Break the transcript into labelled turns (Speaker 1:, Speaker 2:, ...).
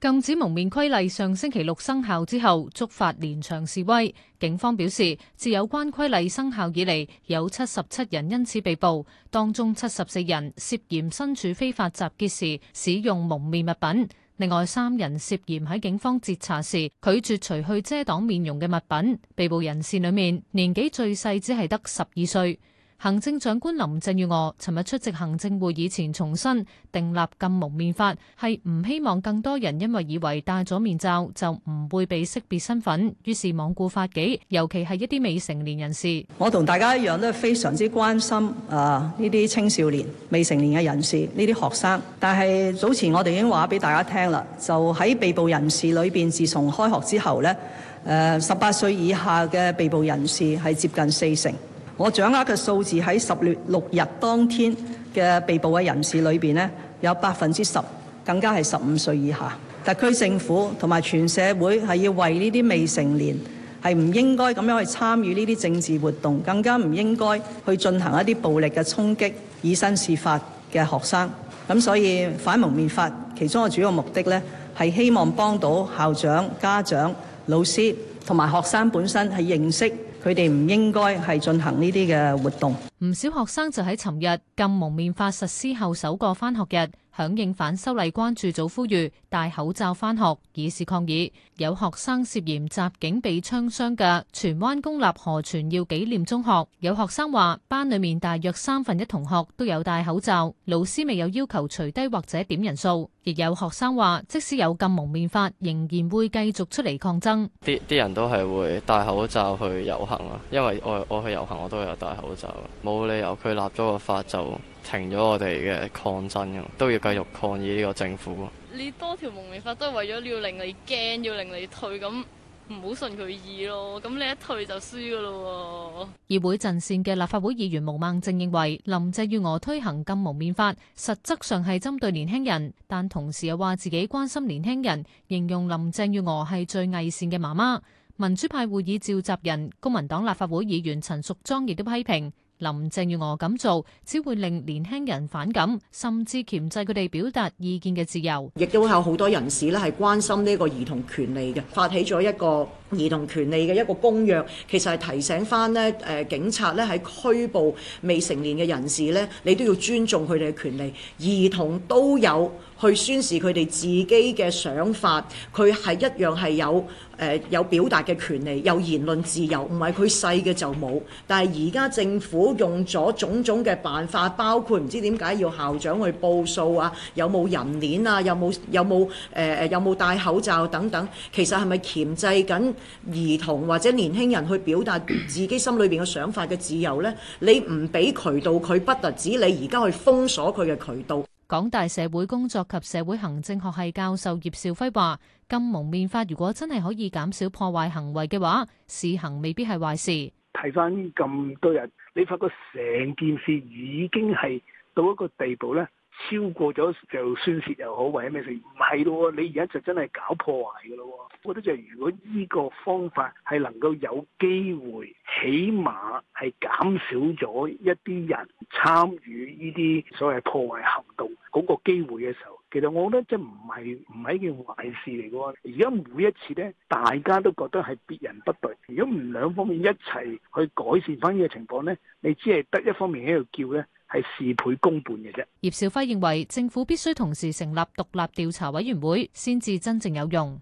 Speaker 1: 禁止蒙面規例上星期六生效之後，觸發連場示威。警方表示，自有關規例生效以嚟，有七十七人因此被捕，當中七十四人涉嫌身處非法集結時使用蒙面物品，另外三人涉嫌喺警方截查時拒絕除去遮擋面容嘅物品。被捕人士裏面，年紀最細只係得十二歲。行政長官林鄭月娥尋日出席行政會議前重申，訂立禁蒙面法係唔希望更多人因為以為戴咗面罩就唔會被識別身份，於是罔顧法紀，尤其係一啲未成年人士。
Speaker 2: 我同大家一樣都係非常之關心啊呢啲青少年、未成年嘅人士，呢啲學生。但係早前我哋已經話俾大家聽啦，就喺被捕人士裏邊，自從開學之後呢，誒十八歲以下嘅被捕人士係接近四成。我掌握嘅數字，喺十月六日當天嘅被捕嘅人士裏邊咧，有百分之十更加係十五歲以下。特區政府同埋全社會係要為呢啲未成年係唔應該咁樣去參與呢啲政治活動，更加唔應該去進行一啲暴力嘅衝擊、以身試法嘅學生。咁所以反蒙面法其中嘅主要目的咧，係希望幫到校長、家長、老師同埋學生本身係認識
Speaker 1: 佢哋唔應該係進行呢啲嘅活動。唔少學生就喺尋日禁蒙面法實施後首個翻學日，響應反修例關注組呼籲戴口罩翻學，以示抗議。有學生涉嫌襲警被槍傷嘅荃灣公立何傳耀紀念中學，有學生話班裏面大約三分一同學都有戴口罩，老師未有要求除低或者點人數。亦有學生話，即使有禁蒙面法，仍然會繼續出嚟抗爭。
Speaker 3: 啲啲人都係會戴口罩去遊行啊，因為我我去遊行我都有戴口罩。冇理由，佢立咗個法就停咗我哋嘅抗爭，都要繼續抗議呢個政府。
Speaker 1: 你多條蒙面法都係為咗你要令你驚，要令你退，咁唔好信佢意咯。咁你一退就輸噶啦。議會陣線嘅立法會議員毛孟靜認為，林鄭月娥推行禁蒙面法，實質上係針對年輕人，但同時又話自己關心年輕人，形容林鄭月娥係最偽善嘅媽媽。民主派會議召集人、公民黨立法會議員陳淑莊亦都批評。林鄭月娥咁做，只會令年輕人反感，甚至鉗制佢哋表達意見嘅自由。
Speaker 3: 亦都有好多人士咧係關心呢個兒童權利嘅，發起咗一個兒童權利嘅一個公約，其實係提醒翻咧，誒、呃、警察咧喺拘捕未成年嘅人士咧，你都要尊重佢哋嘅權利。兒童都有去宣示佢哋自己嘅想法，佢係一樣係有誒、呃、有表達嘅權利，有言論自由，唔係佢細嘅就冇。但係而家政府用咗種種嘅辦法，包括唔知點解要校長去報數啊，有冇人鏈啊，有冇有冇誒誒有冇、呃、戴口罩等等，其實係咪鉗制緊？兒童或者年輕人去表達自己心裏邊嘅想法嘅自由呢？你唔俾渠道，佢不特止你而家去
Speaker 1: 封鎖佢嘅渠道。港大社會工作及社會行政學系教授葉兆輝話，禁蒙面法如果真係可以減少破壞行為嘅話，試行未必係壞事。
Speaker 4: 睇翻咁多人，你發覺成件事已經係到一個地步咧。超過咗就宣泄又好，或者咩事唔係咯？你而家就真係搞破壞㗎咯。我覺得就如果呢個方法係能夠有機會，起碼係減少咗一啲人參與呢啲所謂破壞行動嗰個機會嘅時候，其實我覺得即係唔係唔係一件壞事嚟㗎。而家每一次咧，大家都覺得係別人不對。如果唔兩方面一齊去改善翻呢個情況咧，你只係得一方面喺度叫咧。係事倍功半嘅啫。
Speaker 1: 葉少輝認為政府必須同時成立獨立調查委員會，先至真正有用。